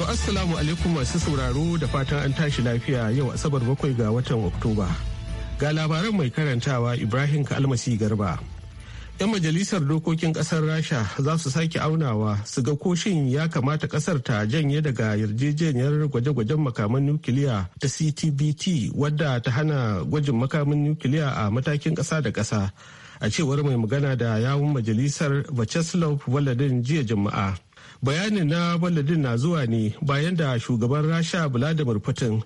To assalamu alaikum masu sauraro da fatan an tashi lafiya yau asabar bakwai ga watan Oktoba. Ga labaran mai karantawa Ibrahim Kalmasi Garba. 'Yan majalisar dokokin kasar Rasha za su sake aunawa su ga koshin ya kamata kasar ta janye daga yarjejeniyar gwaje-gwajen makaman nukiliya ta CTBT wadda ta hana gwajin makamin nukiliya a matakin ƙasa da ƙasa. A cewar mai magana da yawun majalisar Vacheslav Valadin jiya Juma'a. bayanin na balladin na zuwa ne bayan da shugaban rasha vladimir putin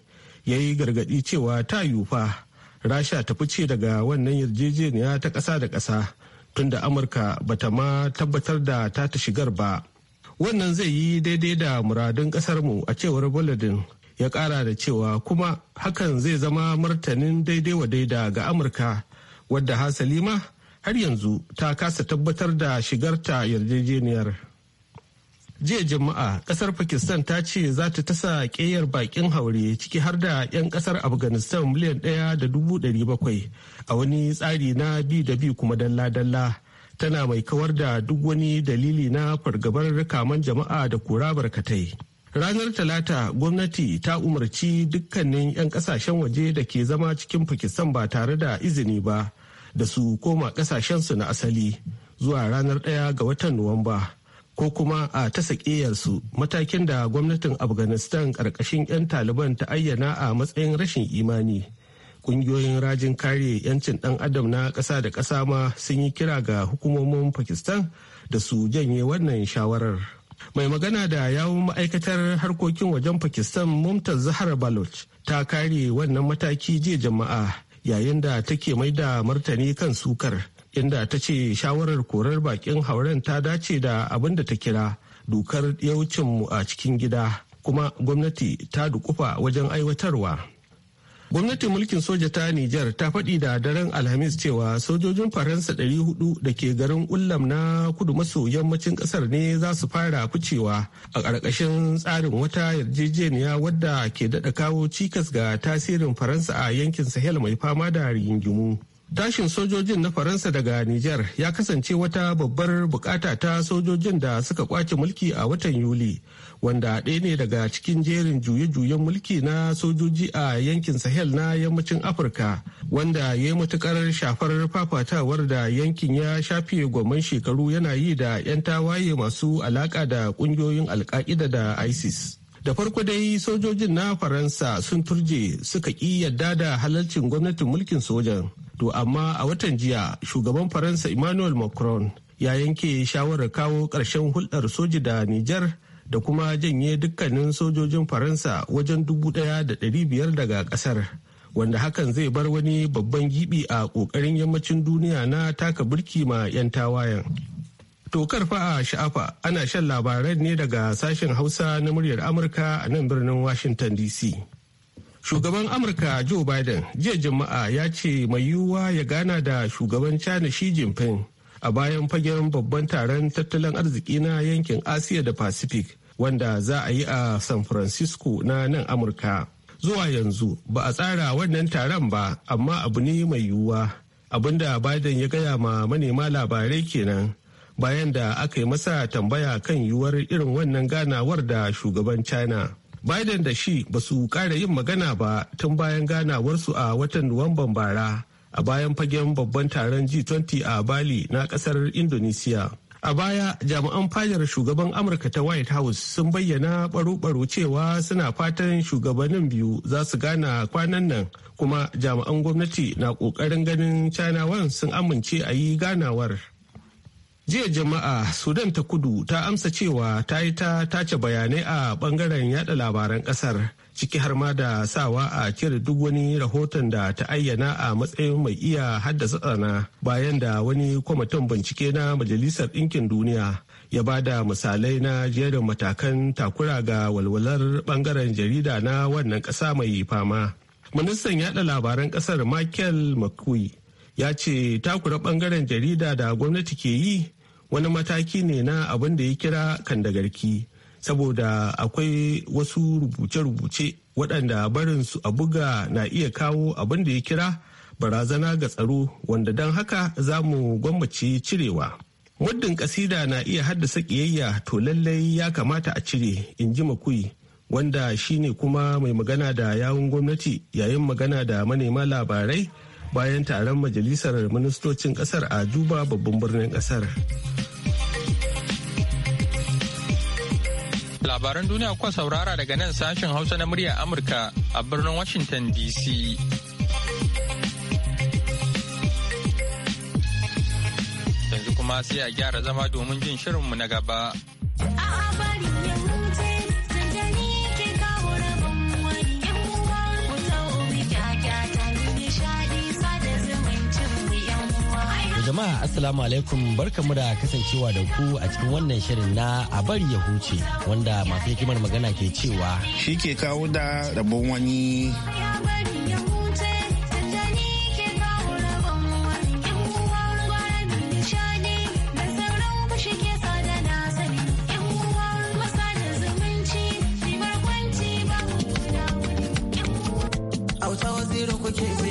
ya yi gargadi cewa ta yufa rasha ta fice daga wannan yarjejeniya ta ƙasa da ƙasa tunda amurka bata ma tabbatar da ta ta shigar ba wannan zai yi daidai da muradun ƙasarmu a cewar balladin ya ƙara da cewa kuma hakan zai zama martanin daidai wa daida ga amurka wadda hasali ma har yanzu ta kasa tabbatar da shigarta yarjejeniyar. jiya juma'a ƙasar pakistan ta ce za ta tasa ƙeyar bakin haure ciki har da 'yan ƙasar afghanistan miliyan ɗaya da dubu ɗari bakwai a wani tsari na bi da bi kuma dalla-dalla tana mai kawar da duk wani dalili na fargabar kaman jama'a da kura barkatai ranar talata gwamnati ta umarci dukkanin 'yan kasashen waje da ke zama cikin pakistan ba tare da izini ba da su koma kasashensu na asali zuwa ranar ɗaya ga watan nuwamba. ko kuma a ta sakiyarsu matakin da gwamnatin afghanistan ƙarƙashin 'yan taliban ta ayyana a matsayin rashin imani ƙungiyoyin rajin kare 'yancin ɗan adam na ƙasa da ƙasa ma sun yi kira ga hukumomin pakistan da su janye wannan shawarar mai magana da yawun ma'aikatar harkokin wajen pakistan mumtaz zahar baloch ta kare wannan mataki jiya jama'a yayin da take mai da martani kan sukar inda ta ce shawarar korar bakin hauren ta dace da abin da ta kira dokar yawancinmu a cikin gida kuma gwamnati ta dukufa wajen aiwatarwa. Gwamnatin mulkin soja ta Nijar ta faɗi da daren Alhamis cewa sojojin Faransa 400 da ke garin Ullam na kudu maso yammacin ƙasar ne za su fara kucewa a ƙarƙashin tsarin wata yarjejeniya wadda ke daɗa kawo cikas ga tasirin Faransa a yankin Sahel mai fama da rigingimu. Tashin sojojin na Faransa daga Nijar ya kasance wata babbar bukata ta sojojin da suka kwace mulki a watan Yuli, wanda ɗaya ne daga cikin jerin juye-juyen mulki na sojoji a yankin Sahel na yammacin Afirka, wanda ya yi matukar shafar fafatawar da yankin ya shafe gwamman shekaru yana yi da 'yan tawaye masu alaka da ƙungiyoyin alka'ida da ISIS. da farko dai sojojin na faransa sun turje suka ƙi yadda da halarcin gwamnatin mulkin sojan to amma a watan jiya shugaban faransa emmanuel macron ya yanke shawarar kawo ƙarshen hulɗar soji da nijar da kuma janye dukkanin sojojin faransa wajen dubu ɗaya da ɗari biyar daga ƙasar wanda hakan zai bar wani babban gibi a ƙoƙarin yammacin duniya na taka birki ma 'yan tawayen To fa a sha'afa ana shan labaran ne daga sashen Hausa na muryar Amurka a nan birnin Washington DC. Shugaban Amurka Joe Biden jiya Juma'a ya ce mai yiwuwa ya gana da shugaban China shi Jinping a bayan fagen babban taron tattalin arziki na yankin Asiya da Pacific wanda za a yi a San Francisco na nan Amurka. Zuwa yanzu ba a tsara wannan taron ba amma abu ne mai yiwuwa abinda Biden ya gaya ma manema labarai kenan. bayan da aka yi masa tambaya kan yiwuwar irin wannan ganawar da shugaban china biden da shi ba su kare yin magana ba tun bayan ganawar su a watan nuwamban bara a bayan fagen babban taron g20 a bali na kasar indonesia A baya jami'an fadar shugaban Amurka ta White House sun bayyana baro-baro cewa suna fatan shugabannin biyu za su gana kwanan nan kuma jami'an gwamnati na ƙoƙarin ganin china sun amince a yi ganawar. jiya jama'a sudan ta kudu ta amsa cewa ta yi ta tace bayanai a bangaren yada labaran kasar ciki har ma da sawa a kira duk wani rahoton da ta ayyana a matsayin mai iya haddasa tsana bayan da wani kwamitin bincike na majalisar ɗinkin duniya ya ba da misalai na jerin matakan takura ga walwalar bangaren jarida na wannan ƙasa mai fama ministan yada labaran ƙasar michael makui ya ce takura bangaren jarida da gwamnati ke yi wani mataki ne na abin da ya kira kandagarki saboda akwai wasu rubuce-rubuce waɗanda barin su a buga na iya kawo abin da ya kira barazana ga tsaro wanda don haka za mu gwammaci cirewa muddin kasida na iya haddasa kiyayya to lallai ya kamata a cire in ji makui wanda shine kuma mai magana da yawun gwamnati yayin magana da manema labarai bayan taron majalisar ministocin kasar a duba babban birnin kasar. Labaran duniya kuwa saurara daga nan sashen Hausa na murya Amurka a birnin Washington DC. Yanzu kuma sai a gyara zama domin jin shirinmu na gaba. jama'a assalamu alaikum barkamu da kasancewa da ku a cikin wannan shirin na a bari ya huce wanda masu hikimar magana ke cewa shi ke kawo da rabon wani Okay.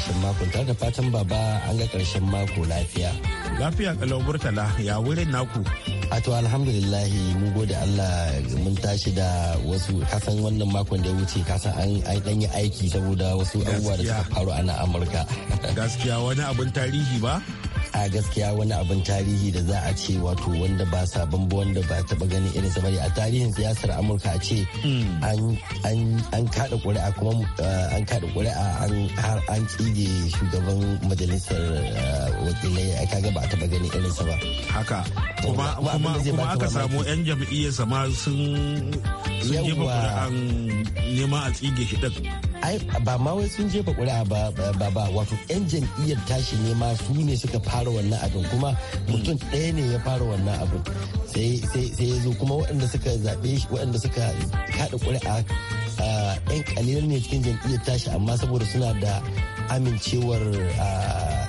karshen mako ta da fatan baba an ga karshen mako lafiya. Lafiya kalau ya wurin naku. ato to alhamdulillahi mun gode Allah mun tashi da wasu kasan wannan makon da ya wuce kasan an yi yi aiki saboda wasu abubuwa da suka faru a nan Amurka. Gaskiya wani abin tarihi ba? a gaskiya wani abin tarihi da za a ce wato wanda ba sabon ba wanda ba taba ganin irin sa a tarihin siyasar amurka a ce hmm. an kada kuri'a kuma eh, an kada kuri'a har an tsige shugaban majalisar eh, wakilai a kaga ba taba ganin irin sa ba haka kuma kuma aka samu yan jam'iyyar sama sun yi kuri'an nema a tsige shi ai ba ma wai sun jefa ƙuri'a ba ba ba wato yan jam'iyyar tashi ne ma su ne suka fara wannan abin kuma mutum ɗaya ne ya fara wannan abin sai ya zo kuma waɗanda suka zaɓe shi waɗanda suka kaɗa ƙuri'a yan ƙalilan ne cikin jam'iyyar tashi amma saboda suna da amincewar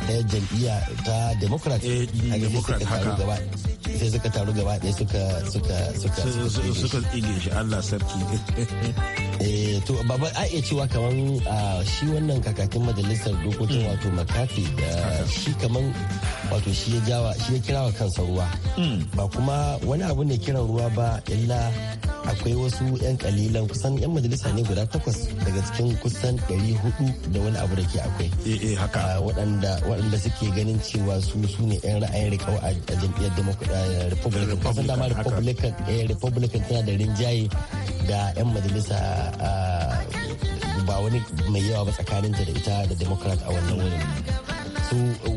ɗaya jam'iyya ta democrat eh, a haka sai suka taru gaba ɗaya suka suka suka suka suka suka Allah sarki Eh, to baba a iya cewa kamar shi wannan kakakin majalisar dokokin mm. wato makafi da mm. shi kamar wato shi ya jawa shi ya kirawa kansa ruwa mm. ba kuma wani abu ne kiran ruwa ba illa akwai wasu 'yan kalilan kusan 'yan majalisa ne guda takwas daga cikin kusan 400 da wani abu da ke akwai eh, eh, ah, waɗanda suke ganin cewa su su ne 'yan ra'ayin rikau a jam'iyyar eh, republican dama republican tana da rinjaye da 'yan majalisa ah, ba wani mai yawa ba tsakaninta da ita da democrat a wannan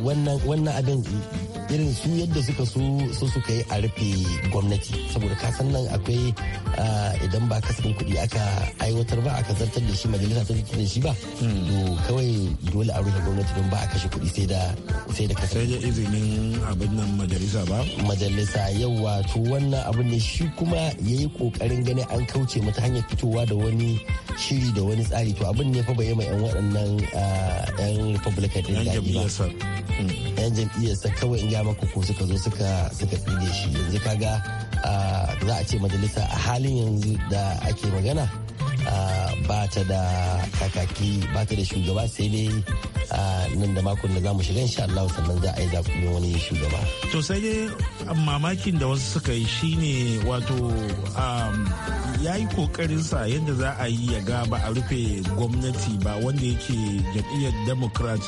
wurin wannan abin irin su yadda suka so suka yi a rufe gwamnati saboda kasan nan akwai idan ba kasafin kuɗi aka aiwatar ba aka zartar da shi majalisa ta zartar da shi ba hmm. to kawai dole a rufe gwamnati don ba a kashe kuɗi sai da sai da kasafin sai da izinin abin nan majalisa ba majalisa yawa to wannan abin ne shi kuma yayi kokarin ganin an kauce mata hanyar fitowa da wani shiri da wani tsari to abin ne fa bai yi ma yan waɗannan yan republican din yan hmm. jam'iyyarsa kawai in maka ko suka zo suka suka fide shi yanzu kaga za a ce majalisa a halin yanzu da ake magana ba ta da kakaki ba ta da shugaba sai dai nan da makon da za mu shiga insha Allah sannan za a yi zaɓen wani shugaba. To sai dai mamakin da wasu suka yi shine wato ya yi sa yadda za a yi ya ga ba a rufe gwamnati ba wanda yake jam'iyyar democrat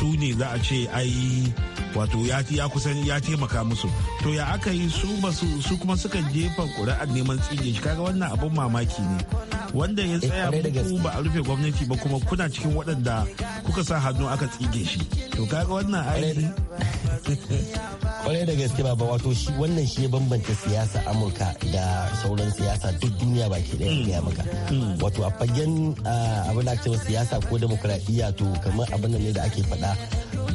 su ne za a ce ai wato ya kusan ya taimaka musu to ya aka yi su basu su kuma suka jefa kuri'ar neman tsige shi kaga wannan abun mamaki ne wanda ya eh, tsaya muku ba a rufe gwamnati ba kuma kuna cikin waɗanda kuka sa hannu aka tsige shi to kaga wannan ai kwarai da gaske baba wato shi wannan shi ya bambanta siyasa amurka da sauran siyasa duk duniya baki daya ya maka wato a fagen ah, abin da ake siyasa ko demokradiyya to kamar abin ne da ake faɗa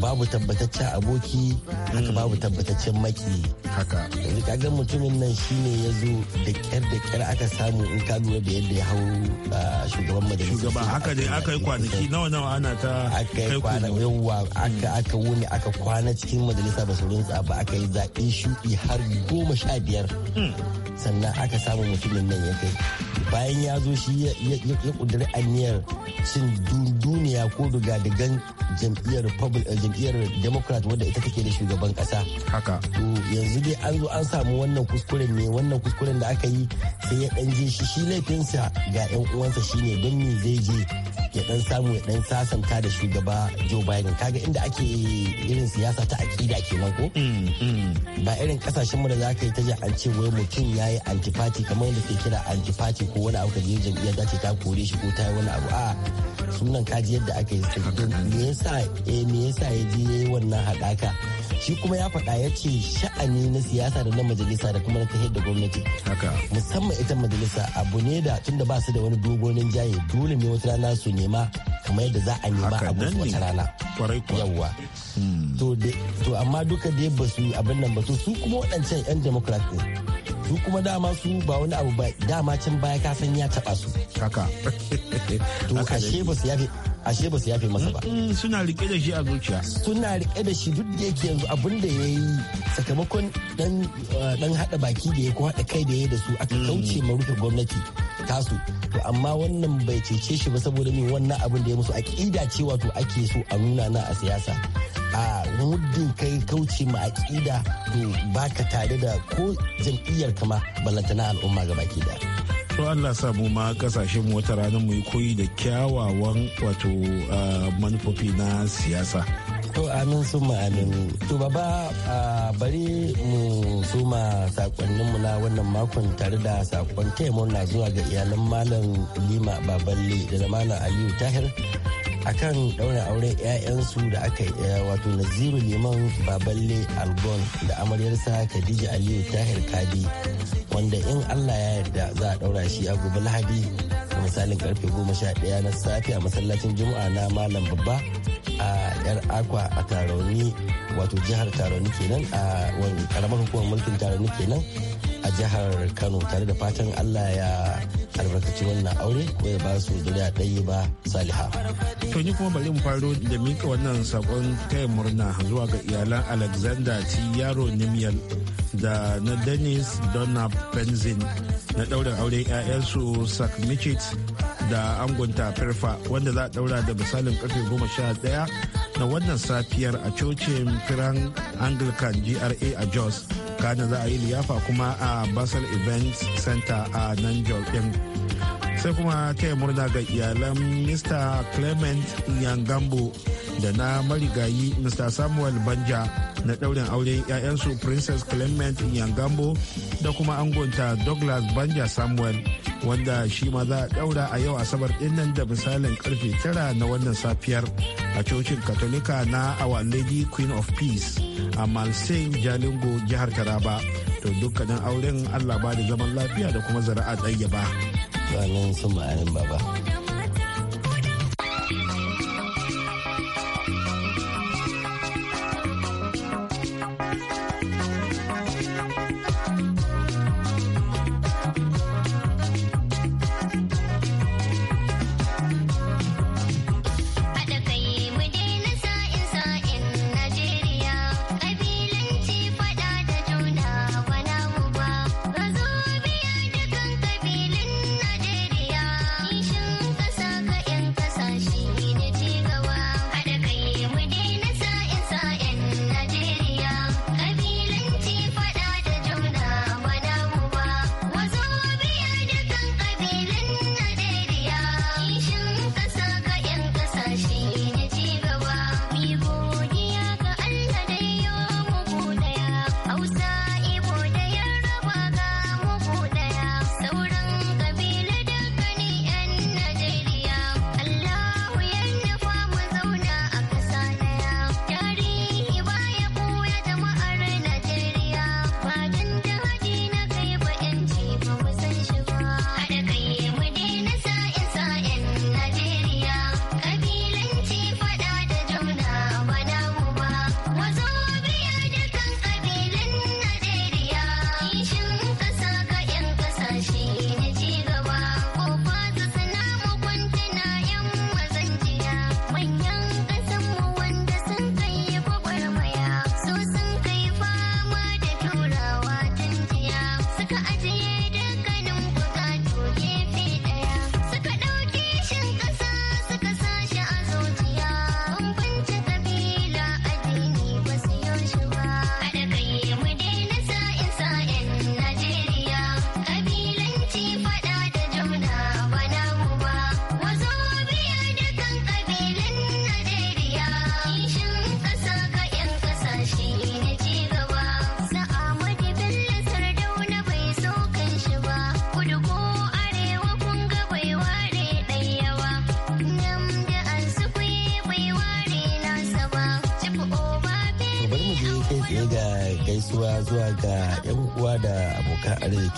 babu tabbataccen aboki haka babu tabbataccen maki haka yanzu kaga mutumin nan shine ya zo da kyar da kyar aka samu in ka lura da yadda ya hau ah, shugaban majalisa shugaba haka dai aka yi kwanaki nawa nawa ana ta aka yi kwana yawa aka mm. aka wuni aka kwana cikin majalisa ba su rinsa ba aka yi zaɓe shuɗi har goma sha biyar mm. sannan aka samu mutumin nan ya kai bayan ya zo shi ya ƙudiri aniyar cin duniya ko duga gan jam'iyyar republic jam'iyyar democrat wadda ita take da shugaban kasa haka to yanzu dai an zo an samu wannan kuskuren ne wannan kuskuren da aka yi sai ya dan je shi shi laifinsa ga yan uwansa shine don me zai je ya dan samu ya dan sasanta da shugaba Joe Biden kaga inda ake irin siyasa ta akida kenan ko mm-hmm. ba irin kasashen mu da zaka yi ta ji an ce wai mutum yayi antipati kamar yadda ke kira antipati ko wani abu kaje jami'a jam'iyyar da ta kore shi ko ta yi wani abu a sunan kaji yadda aka yi me yasa eh, me yasa ya je wannan hadaka. shi kuma ya faɗa ya ce sha'ani na siyasa da na majalisa da kuma na tahiyar da gwamnati musamman ita majalisa abu ne da tunda ba su da wani dogonin jaye dole ne wata rana su nema kamar yadda za a nema a gudu wata rana yawwa hmm. to amma duka da ba su abin nan ba to su kuma waɗancan 'yan democrat ne su kuma dama su ba wani abu ba dama can baya ka san ya taɓa su haka to ashe ba su yafe ashe ba su yafe masa ba mm, suna rike da shi a zuciya suna rike da shi duk da yake yanzu abun da ya yi sakamakon dan uh, haɗa baki da ya ko haɗa kai da ya da su aka mm. kauce ma rufe gwamnati tasu to amma wannan bai cece shi ba saboda ni wannan abin da ya musu aƙida ce wato ake so a nuna na a siyasa a muddin kai kauce ma aƙida to baka tare da ko jam'iyyar kama ballantana al'umma ga baki da. to allah samu ma kasashen wata ranar mu yi koyi da kyawawan wato ah, manufofi na siyasa to amin sun amin to baba ah, bari mu sakonnin mu na wannan makon tare da sakon taimakon na zuwa ga iyalan malam lima baballe da zamanin aliyu tahir akan daura auren 'ya'yansu da aka yi eh, wato naziru liman baballe algon da amaryarsa khadija aliyu tahir kadi wanda in allah ya yarda za a ɗaura shi a gobe lahadi misalin karfe 11 na safe a masallacin juma'a na malam babba a yar akwa a taroni wato jihar taroni kenan a karamar hukumar mulkin taroni kenan a jihar kano tare da fatan allah ya albarkaci wannan aure ko ya ba su zuriya ɗaya ba saliha to ni kuma bari mu faro da mika wannan sakon taya murna zuwa ga iyalan alexander t yaro nimiyal da na dennis donna benzin na ɗaurin auren 'ya'yansu sakmichit da angonta firfa wanda za a daura da misalin karfe 11 na wannan safiyar a cocin firan anglican gra a jos kana za a yi liyafa kuma a basal events center a nan din sai kuma taya murna ga iyalan mr clement yangambo da na marigayi mr samuel banja na daurin auren 'ya'yansu princess clement yangambo da kuma angonta douglas banja samuel wanda shi ma za a daura a yau asabar dinnan da misalin karfe tara na wannan safiyar a cocin katolika na our lady queen of peace a malsain jalingo jihar taraba to dukkanin auren allah ba da zaman lafiya da kuma zara'a ɗayyaba. Ranar sun ma'anin baba.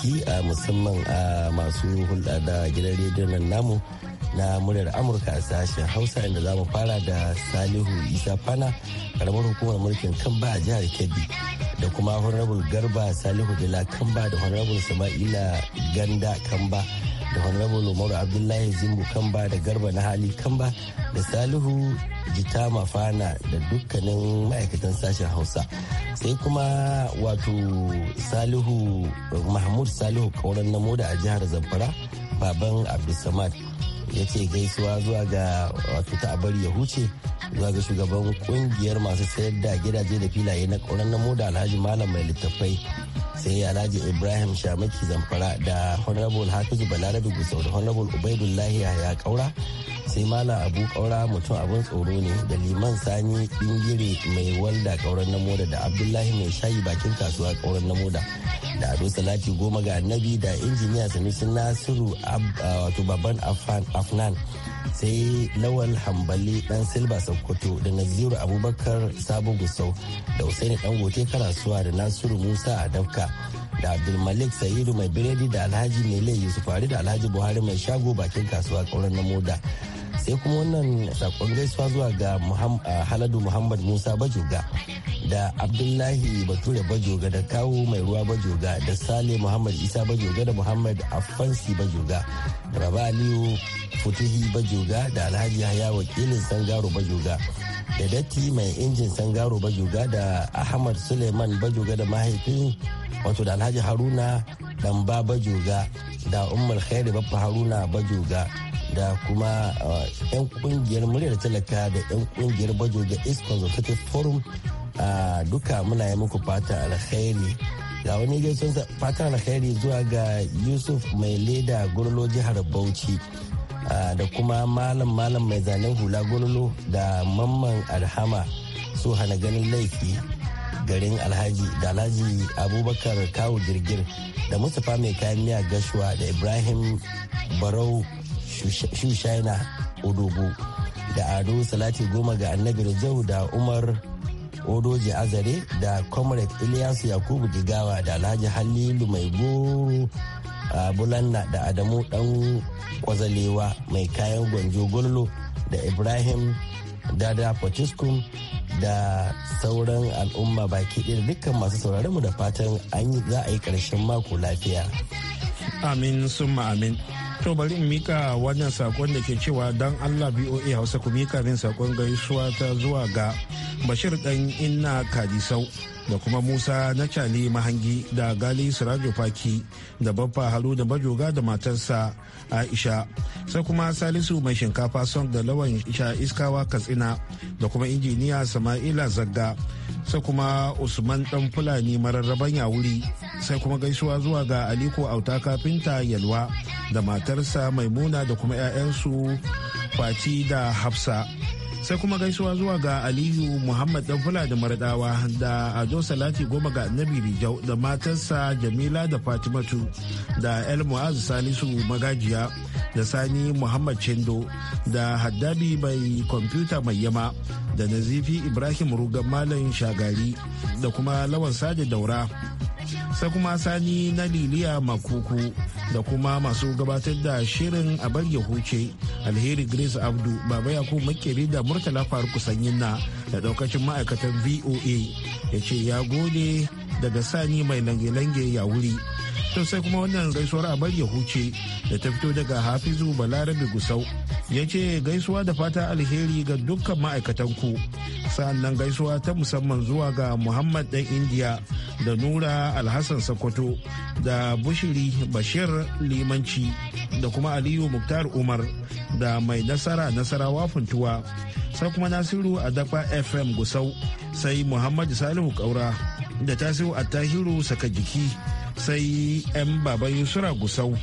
ciki a musamman a masu hulɗa da gidan rediyon nan namu na muryar amurka a sashen hausa inda za mu fara da salihu isa fana karamar hukumar mulkin kamba a jihar kebbi da kuma honorable garba salihu dila kamba da honorable sama'ila ganda kamba da honorable umaru abdullahi zimbu kamba da garba na hali kamba da salihu jita mafana da dukkanin ma'aikatan sashen hausa sai kuma wato salihu mahmud salihu kauran na moda a jihar zamfara baban abdulsamad ya ce gaisuwa zuwa ga wato ta ya huce zuwa ga shugaban kungiyar masu sayar da gidaje da filaye na kauran na moda alhaji malam mai littattafai sai alhaji ibrahim shamaki zamfara da honorable hafizu balarabe gusau da honorable ubaidullahi ya kaura sai malam abu kaura mutum abin tsoro ne da liman sani bingire mai walda kauran namoda da abdullahi mai shayi bakin kasuwa kauran namoda da ado salati goma ga annabi da injiniya sanusi nasiru wato babban afnan sai lawal hambali dan silba sokoto da naziru abubakar sabo gusau da usaini gote karasuwa da nasiru musa a dafka da abdulmalik sa'idu mai biredi da alhaji mele yusuf da alhaji buhari mai shago bakin kasuwa kauran na moda sai kuma wannan sakon gaisuwa zuwa ga haladu muhammad musa bajoga da abdullahi bature bajoga da kawo mai ruwa bajoga da sale muhammad isa bajoga da muhammad afansi bajoga raba aliyu futuhi bajoga da alhaji haya wakilin sangaro bajoga da datti mai injin sangaro bajoga da ahmad suleiman bajoga da mahaifin wato da alhaji haruna dan bajoga da umar khairi baffa haruna bajoga da kuma eh, 'yan kungiyar muryar talaka da 'yan kungiyar da east consultative forum duka muna yi muku fata alkhairi ga wani gaisuwar fata alkhairi zuwa ga yusuf mai leda gurlo jihar bauchi da kuma malam malam mai zanen hula gurlo da mamman alhama su hana ganin laifi garin alhaji da alhaji abubakar kawo girgir da mustapha mai kayan miya gashuwa da ibrahim barau shushaina odogo da ado salati goma ga annabi rajau da umar odoji azare da comrade ilyasu yakubu jigawa da alhaji halilu mai goro a bulanna da adamu dan kwazalewa mai kayan gwanjo gollo da ibrahim dada potiskum da sauran al'umma baki ɗaya dukkan masu sauraronmu da fatan an za a yi ƙarshen mako lafiya amin summa amin To bari in mika wannan sakon da ke cewa don Allah BOA Hausa ku mika min sakon gaisuwa ta zuwa ga Bashir ɗan Inna Kadisau da kuma Musa na Cali Mahangi da Gali Sirajo Faki da Baffa Haru da Bajoga da matarsa Aisha sai kuma Salisu mai shinkafa son da lawan Isha Iskawa Katsina da kuma injiniya Sama'ila Zagga. sai kuma usman dan fulani mararraban wuri sai kuma gaisuwa zuwa ga aliko auta kafinta yalwa da matarsa maimuna da kuma 'ya'yansu fati da hafsa sai kuma gaisuwa zuwa ga aliyu muhammad dan fula da maradawa da ado salati goma ga annabi rijau da matarsa jamila da fatimatu da el mu'azu salisu magajiya da sani muhammad chendo da haddabi mai kwamfuta mai yama da nazifi ibrahim rugan malam shagari da kuma lawan sada daura sai kuma sani na liliya makuku da kuma masu gabatar da shirin a bar ya huce alheri grace abdu baba yakub makeri da murtala faruk sanyin na da daukacin ma'aikatan voa ya ce ya gode daga sani mai lange-lange ya wuri to sai kuma wannan gaisuwar a bar ya huce da ta fito daga hafizu balarabi gusau ya ce gaisuwa da fata alheri ga dukkan ma'aikatan ku sa'annan gaisuwa ta musamman zuwa ga muhammad dan indiya da nura alhassan sokoto da bushiri bashir limanci da kuma aliyu muktar umar da mai nasara nasarawa funtuwa sai kuma nasiru a dafa fm gusau sai muhammad salihu kaura da tasiru attahiru saka jiki sai 'yan baba yusura gusau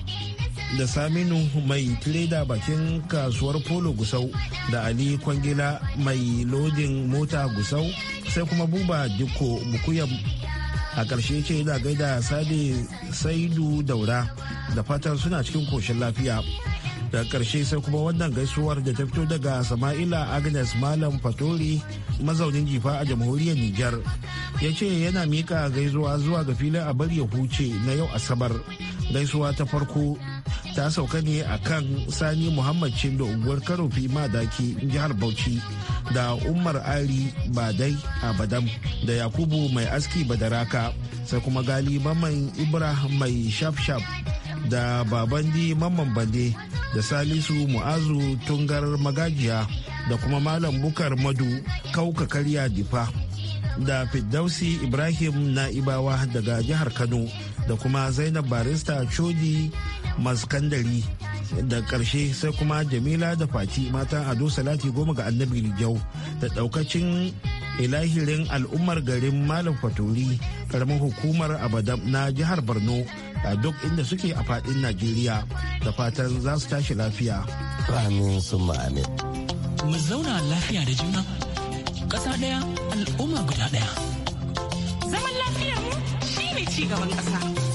da saminu mai tireda bakin kasuwar polo gusau da ali kwangila mai lodin mota gusau sai kuma buba dikko bukuyam a ƙarshe ce da gaida sade saidu daura da fatan suna cikin koshin lafiya da ƙarshe sai kuma wannan gaisuwar da ta fito daga sama'ila agnes malam fatori mazaunin jifa a jamhuriyar niger ya ce yana mika gaisuwa zuwa ga filin a bar ya huce na yau asabar gaisuwa ta farko ta sauka ne a kan sani muhammad cindo unguwar karofi madaki jihar bauchi da umar ari badai abadam da yakubu mai aski badaraka sai kuma gali mamman ibra mai shafshaf da babandi mamman bande da salisu mu'azu tungar magajiya da kuma malam bukar madu kauka karya difa da Fiddausi Ibrahim Na'ibawa daga jihar Kano da kuma Zainab Barista Chodi Maskandari da ƙarshe sai kuma Jamila da Fati matan Ado Salati goma ga Annabi Rijau da ɗaukacin ilahirin al'ummar garin Malam Fatori karamin hukumar Abadam na jihar Borno a duk inda suke a faɗin Najeriya da fatan za su tashi lafiya. Amin sun Mu zauna lafiya da juna. ƙasa ɗaya al'umma guda ɗaya. Zaman lafiyar mu shi ne ci gaban ƙasa.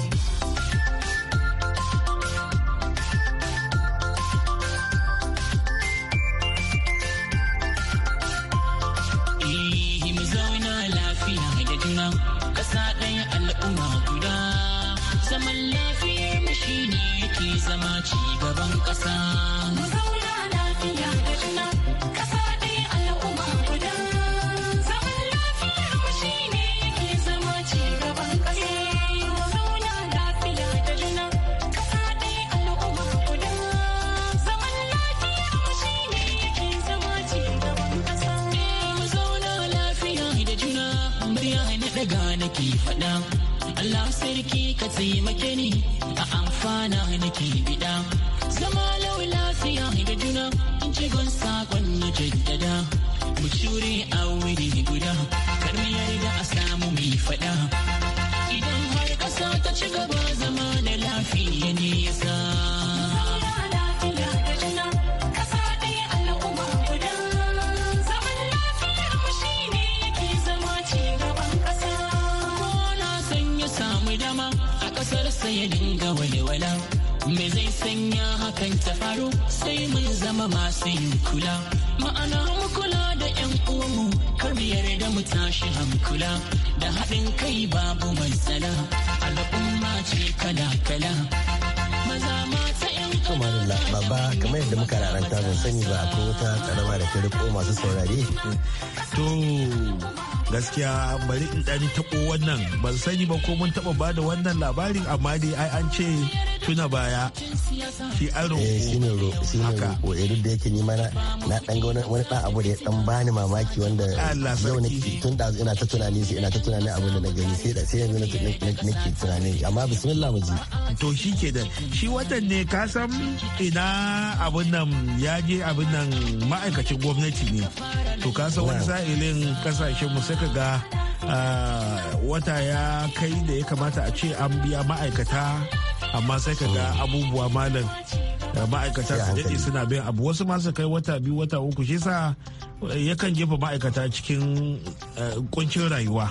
daga nake faɗa Allah sarki ka taimake ni a amfana nake bida zama lau lafiya ga juna in ce gon na jaddada mu shure a wuri guda kar mu yarda a samu mai faɗa idan har ƙasa ta ci gaba zama zama masu yin kula ma'ana mu kula da 'yan uwanmu kar mu yarda mu tashi hankula da haɗin kai babu matsala al'umma ce kala-kala maza mata kamarilla baba kamar yadda muka raranta ban sani ba ko wata karama da ta riko masu saurare to gaskiya bari in dani taɓo wannan ban sani ba ko mun taɓa ba da wannan labarin amma dai ai an ce tuna baya shi an roƙo eh, shi ne roƙo eh, duk da yake ni ma na ɗan ga wani ɗan abu da ya ɗan bani mamaki wanda yau na tun da ina ta tunani sai ina ta tunani abu da na gani sai da sai yanzu na ke tunani amma bismillah mu ji to shi ke da shi watan ne ka san ina abun nan ya je abun nan ma'aikacin gwamnati ne to ka san wani sa'ilin kasashen mu sai kuka ga ah, wata ya kai da ya kamata a ce an biya ma'aikata amma sai ka ga oh. abubuwa malam ma'aikata su daɗe suna bin abu wasu masu kai wata biyu wata uku shi sa eh, yakan jefa ma'aikata cikin kuncin eh, rayuwa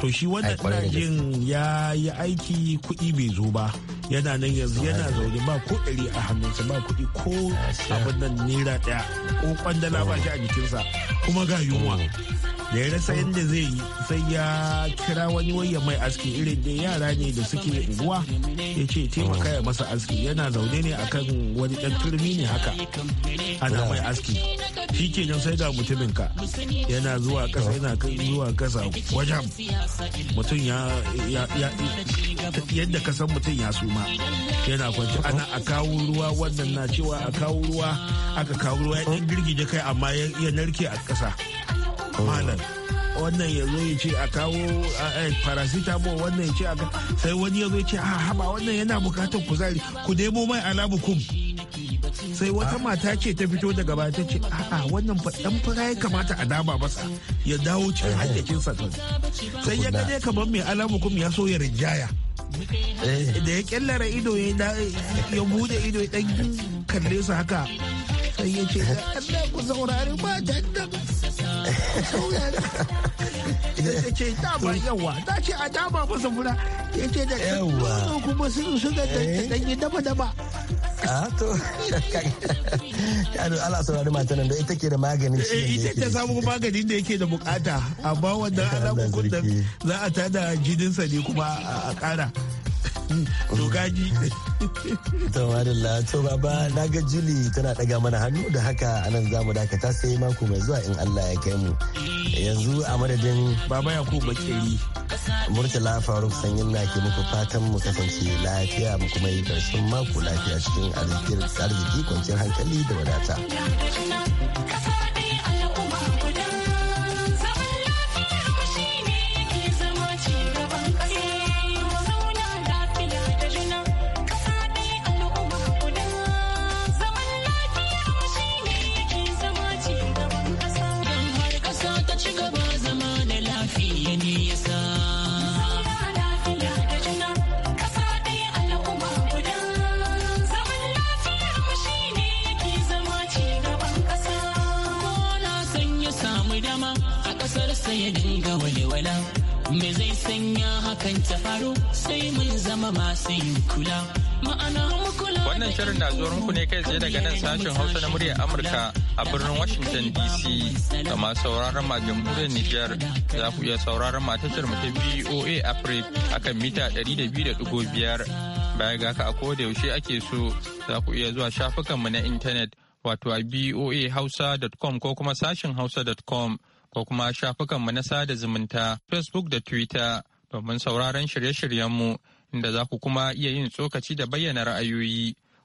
to shi wanda ina jin ya yi aiki kuɗi bai zo ba yana nan yanzu yana zaune ba ko ɗari a hannunsa ba kuɗi ko abin nan naira ɗaya ko kwandala ba shi a jikinsa kuma ga yunwa mm. da ya rasa yadda zai yi sai ya kira wani waya mai aski irin da yara ne da suke unguwa ya ce taimaka ya masa aski yana zaune ne kan wani dan turmi ne haka ana mai aski shi ke nan sai ga mutumin ka yana zuwa kasa yana kai zuwa kasa wajen mutum ya yadda kasan mutum ya suma yana kwanci ana a kawo ruwa wannan na cewa a kawo ruwa aka kawo ruwa ya girgije kai amma ya narke a kasa malam wannan ya zo ya ce a kawo paracetamol wannan ya ce a sai wani ya zo ya ce a ah, haba wannan yana bukatar kuzari ku demo mai alabukum sai wata ah. mata ce ta fito daga baya ta ce a'a wannan dan fura ya kamata a dama masa ya dawo cikin eh. hayyacinsa sai ya gane kamar mai alabukum ya so ya rinjaya eh. da ya kyallara ido ya bude ido ya dan kalle su haka sai ya ce Allah ku saurari ba da ke dama yawa za ce a dama masa mura ya ce da yawa kuma sun shiga da danyi daba daba a to ala saurari mata nan da ita ke da maganin shi ita ta samu maganin da yake da bukata amma wannan alamun kundan za a tada jininsa ne kuma a kara to gaji to madalla to baba na ga juli tana daga mana hannu da haka anan zamu dakata sai mako mai zuwa in Allah ya kai mu yanzu a madadin baba yakubu bakeri murtala faruk sanyin na ke muku fatan mu kasance lafiya mu kuma yi karshen mako lafiya cikin arziki kwanciyar hankali da wadata. ganin sashen Hausa na muryar Amurka a birnin Washington DC da masu sauraron ma jamhuriyar Nijar za ku iya sauraron ma tashar mu ta VOA Africa akan mita 200.5 baya ga ka a koda yaushe ake so za ku iya zuwa shafukanmu na intanet wato a hausa.com ko kuma sashen hausa.com ko kuma shafukanmu na sada zumunta Facebook da Twitter domin sauraron shirye-shiryenmu inda za ku kuma iya yin tsokaci da bayyana ra'ayoyi.